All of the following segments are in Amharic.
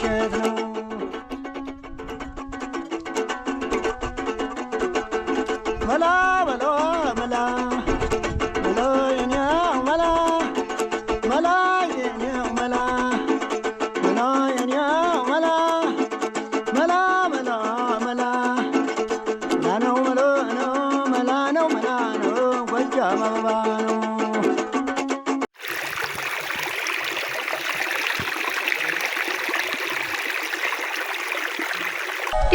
Shri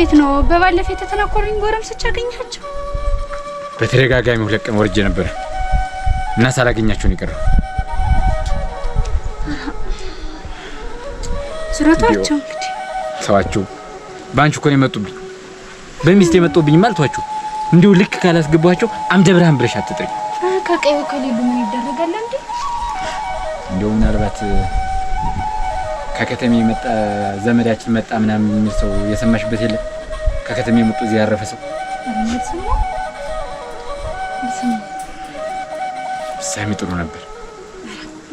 እንዴት ነው? በባለፈ የተተናኮሩኝ ጎረምሶች አገኛቸው። በተደጋጋሚ ሁለት ቀን ወርጄ ነበር እና ሳላገኛቸው ነው የቀረው። ስራቷቸው እንግዲህ ሰዋቸው በአንቺ እኮ ነው የመጡብኝ። በሚስት የመጡብኝ ማልቷቸው እንዲሁ ልክ ካላስገባቸው አምደ ብርሃን ብለሽ አትጥሪ። ከቀዩ ከሌሉ ምን ይደረጋል እንዴ? እንዲሁ ምናልባት ከከተሜ የመጣ ዘመዳችን መጣ ምናምን የሚል ሰው የሰማሽበት የለም? ከከተሜ የመጡ እዚህ ያረፈ ሰው ሳሚ ጥሩ ነበር።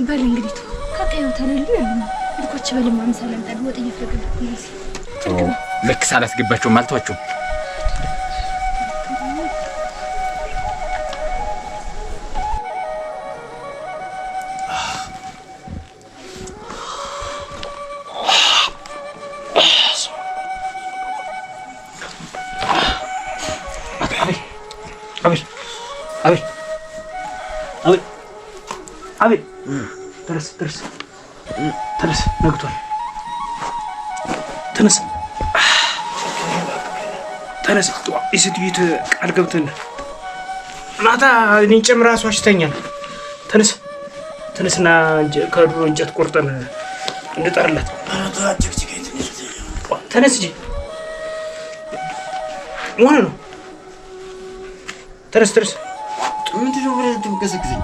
በል እንግዲህ ከቀዩ ተለዩ ልኮች በልማ ምሳለን ጣድ ወጥ እየፈለገ ልክ ሳላስገባቸውም አልተዋቸውም። አቤል አቤል አቤል አቤል ተነስ ተነስ ተነስ፣ ነግቷል። ተነስ ተነስ። የሴትዮት ቃል ገብተን ማታ እኔን ጨምራ እሷ ሽተኛል። ተነስ ተነስና ከድሮ እንጨት ቆርጠን እንጠርላት። ተነስ እንጂ ሆነ ነው ተረስ ተረስ። ምንድን ነው ብለህ ትምቀሰቅሰኝ?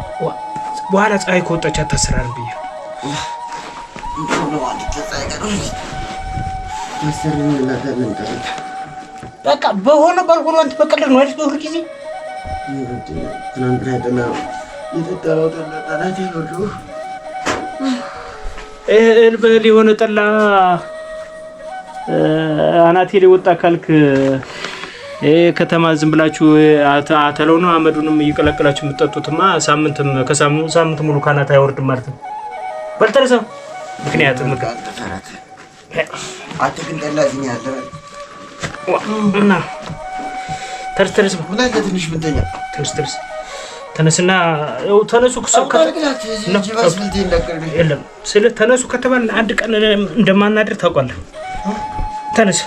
በኋላ ፀሐይ ከወጣች አታስራን ብዬ በቃ በሆነ ባልሆነ አንተ ነው አይደል? ጊዜ የሆነ ጠላ አናቴ ካልክ ከተማ ዝም ብላችሁ አተለው ነው አመዱንም እየቀላቀላችሁ የምትጠጡትማ ሳምንትም ከሳምንት ሙሉ ካናት አይወርድም ማለት ነው። በልተረሰ ምክንያት ተነስና ተነሱ ስለ ተነሱ ከተባለ አንድ ቀን እንደማናደር ታውቋለህ። ተነስ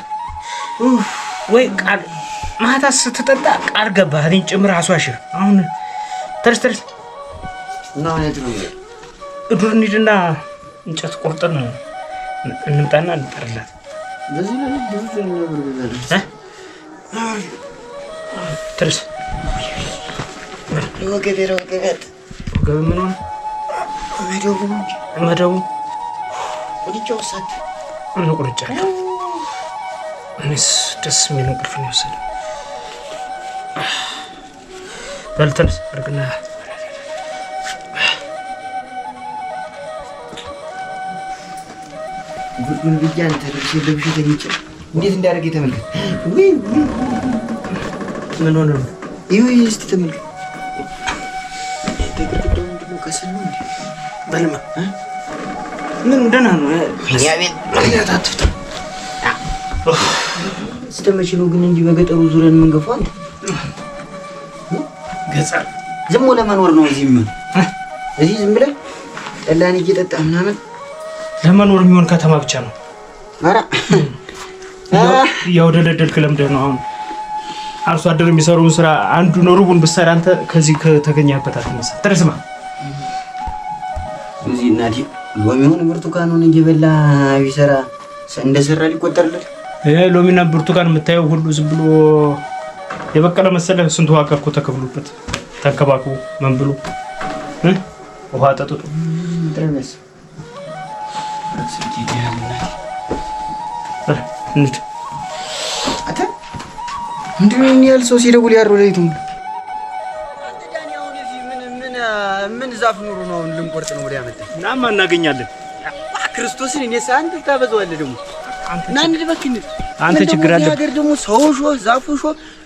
ወይ ቃል ማታ ስትጠጣ ቃል ገባህ እኔን ጭምር አስዋሽህ። አሁን ተርስ ተርስ እና እዱር እንሂድና እንጨት ቆርጠን እንምጣና እንጠርላት። ተርስ ወገብ ምን ሆነ? መደቡ ቁርጫ እኔስ ደስ የሚል እንቅልፍ ነው የወሰደው። በልተንስ እርግና ጉድጉን ብያን ተደርሽ ለብሽ ተኝጭ እንዴት እንዳደረገ ተመልከት። ወይ ምን ሆነ ነው? ይሁ እስቲ ተመልከት። ምን ደህና ነው። እኛ ነው ግን እንዲህ በገጠሩ ዙሪያን መንገፏ አንተ ገጸር ዝም ብሎ ለመኖር ነው እዚህ የሚሆን እዚህ ዝም ብለህ ጠላን እየጠጣ ምናምን ለመኖር የሚሆን ከተማ ብቻ ነው። ኧረ ደለደልክ ለምደህ ነው አሁን አርሶ አደር የሚሰሩን ስራ አንዱ ነው ሩቡን ብትሰራ አንተ ከዚህ ከተገኘህበት አትነሳ። ተረስማ እዚህ እናቴ ሎሚውን ብርቱካኑን እየበላ ቢሰራ እንደሰራ ሊቆጠርለት ይሄ ሎሚና ብርቱካን የምታየው ሁሉ ዝም ብሎ የበቀለ መሰለ ስንት ዋጋ እኮ ተከፍሎበት ተንከባክቦ ምን ብሎ ውሃ ጠጥቶ ምንድን ያህል ሰው ሲደውል ያድሮ ሌሊቱ ምን ዛፍ ኑሮ ነው? አሁን ልንቆርጥ ነው ወዲያ መጣ እናማ እናገኛለን። ክርስቶስን እኔ አንተ ታበዛዋለህ ደግሞ አንተ ችግር አለ። ያገር ደግሞ ሰው ሾ ዛፉ ሾ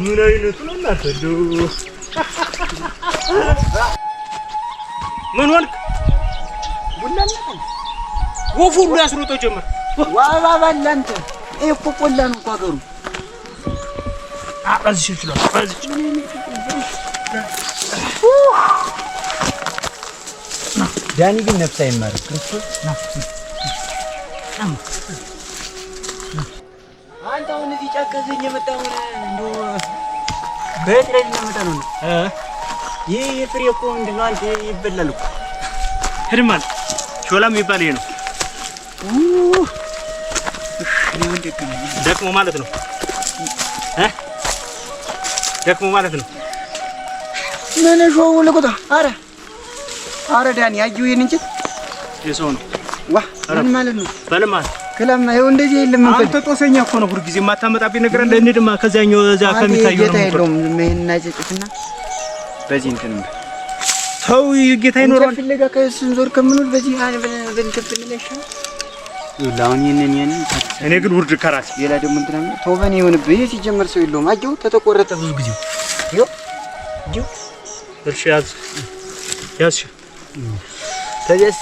ምን አይነቱ ነው እናንተ? ምን ሆንክ? ወፉ ሁሉ ያስሮጠው ጀመር። ዋባ ባላ እኮ ቆላ ነው እኮ ሀገሩ አባዝሽ ይችላል አባዝሽ ዳኒ ግን ነፍስ አይማርም ክርስቶስ አንተ አሁን እዚህ ጫካ ዘኝ የመጣው እንደው በትረን ነው። ይህ የፍሬ እኮ ምንድን ነው አንተ ይበላል እኮ ህድማል ሾላ የሚባል ይሄ ነው። ደክሞ ማለት ነው ደክሞ ማለት ነው። ምን ሾው ለቆጣ አረ አረ ዳኒ ያዩ ይህን እንጨት የሰው ነው ዋ ምን ማለት ነው በልማት ክለማ ይኸው እንደዚህ የለም። አንተ ጦሰኛ እኮ ነው፣ ጊዜ የማታመጣብኝ ነገር አለ። እንሂድማ ከዛኛው እዛ ከሚታየው ነው። በዚህ እንትን ሰው ጌታ ይኖረዋል። ፍለጋ ስንዞር ከምንውል በዚህ በእንትን ይህንን ይህንን እኔ ግን ውርድ ከራስ ሌላ ደግሞ እንትን ተው በእኔ ይሁንብህ። ይሄ ሲጀመር ሰው የለውም። አየሁ ተተቆረጠ ብዙ ጊዜ እሺ ያዝ ያዝ። ተደስ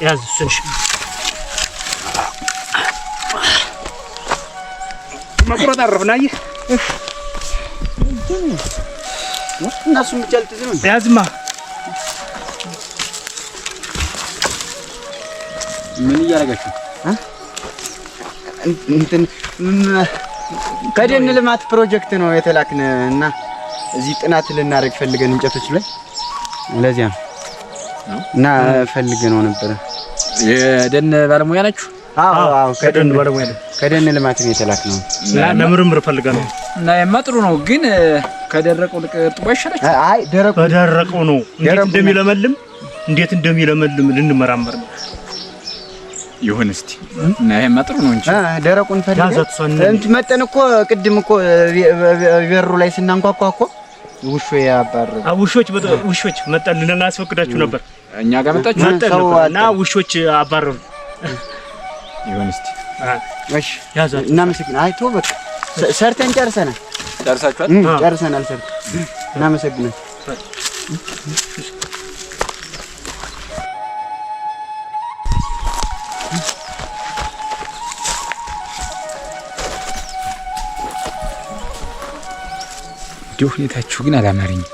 Biraz üstüne şimdi. መቁረጥ አረፍና ይህ እነሱም ብቻ ነው ያዝማ ምን እያደረጋችሁ እንትን ከደን ልማት ፕሮጀክት ነው የተላክን እና እዚህ ጥናት ልናደርግ ፈልገን እንጨቶች ላይ ለዚያ ነው። እና ፈልገ ነው ነበረ። የደን ባለሙያ ናችሁ? አዎ አዎ፣ ከደን ባለሙያ ነው። ከደን ልማት ነው የተላክነው እና ለምርምር ፈልጋ ነው እና የማጥሩ ነው ግን ከደረቁ ልቅርጥቦ አይሻላችሁ? አይ ደረቁ በደረቁ ነው እንዴት እንደሚለመልም እንዴት እንደሚለመልም ልንመራመር ነው። ይሁን እስቲ እና ይሄማ ጥሩ ነው እንጂ ደረቁን ፈልገ እንትን መጠን እኮ ቅድም እኮ በሩ ላይ ስናንኳኳ እኮ ውሾ ያባረ ውሾች ውሾች መጣን ልናስፈቅዳችሁ ነበር። እኛ ጋር መጣችሁ መጣን ነበር እና ውሾች አባረሩ። ይሁን እስቲ እሺ፣ ያዛ እና መስኪን አይቶ በቃ ሰርተን ጨርሰናል። ጨርሳችኋል? ጨርሰናል ሰርተን እና መሰግናል እንደ ሁኔታችሁ ግን አላማረኝም።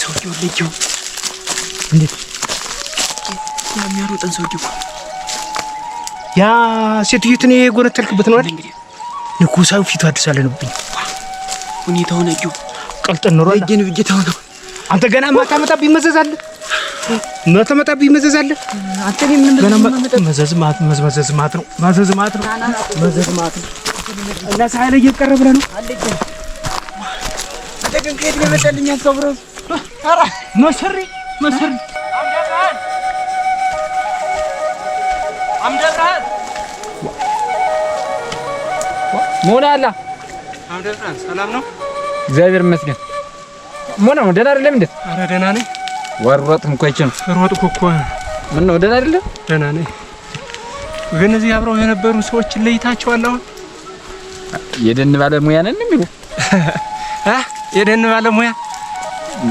ሰውየው እንዴት የሚያሮጠን ሰውየው ያ ሴትዮትን የጎነተልክበት ነው አይደል? ንጉሳዊ ፊቱ አዲስ አለንብኝ ሁኔታውን አየሁ። ቀልጠን ኖሯል። አንተ ገና ማታመጣብኝ መዘዛለህ መተመጣብ ይመዘዛል። አንተ እኔ ምንም መዘዝ ማት መዘዝ ነው እየቀረ ብለህ ነው መሰሪ መሰሪ ሞና አላ ሰላም ነው። እግዚአብሔር ይመስገን። ሞና ደህና አይደለም እንዴ? ኧረ ደህና ነኝ ወሮጥ እንኳን ሮጥ ኮኮ ምን ነው ደህና አይደለም? ደህና ነኝ። ግን እዚህ አብረው የነበሩ ሰዎች ለይታቸዋል። አሁን የደን ባለሙያ ነን የሚሉ አህ የደን ባለሙያ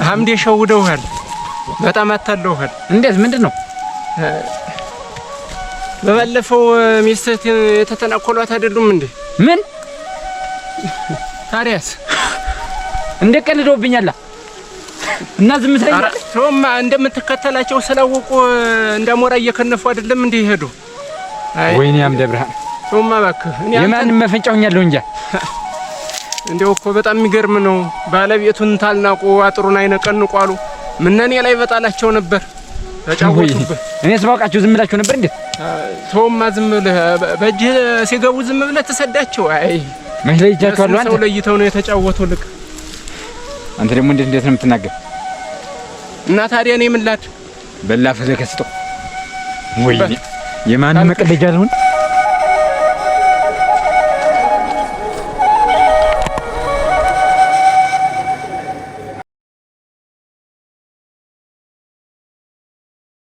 ሀምዴ ሸውደውሃል። በጣም አታለውሃል። እንዴት? ምንድን ነው? በባለፈው ሚስትህ የተተናኮሏት አይደሉም እንዴ? ምን ታዲያስ? እንደ ቀልዶብኛላ እና ዝም ትለኛለህ? ሰውማ እንደምትከተላቸው ስላወቁ እንዳሞራ እየከነፉ አይደለም እንዲህ ይሄዱ። ወይኔ አምደ ብርሃን ሰውማ እባክህ የማንም መፈንጫውኛለሁ እንጃ። እንዲያው እኮ በጣም የሚገርም ነው። ባለቤቱን ታልናቁ አጥሩን አይነቀንቁ አሉ። ምነኔ ላይ በጣላቸው ነበር ተጫወቱበት። እኔስ ባውቃቸው ዝም ብላቸው ነበር እንዴ? ሰውማ ዝም ብለህ በእጅህ ሲገቡ ዝም ብለህ ተሰዳቸው። አይ መች ለይቻቸዋለሁ። አንተ ሰው ለይተው ነው የተጫወቱ ልክ አንተ ደግሞ እንዴት እንዴት ነው የምትናገር? እና ታዲያ እኔ ምን ላድርግ? በላ ፈዘከስተው ወይ የማንም መቀደጃ ልሁን?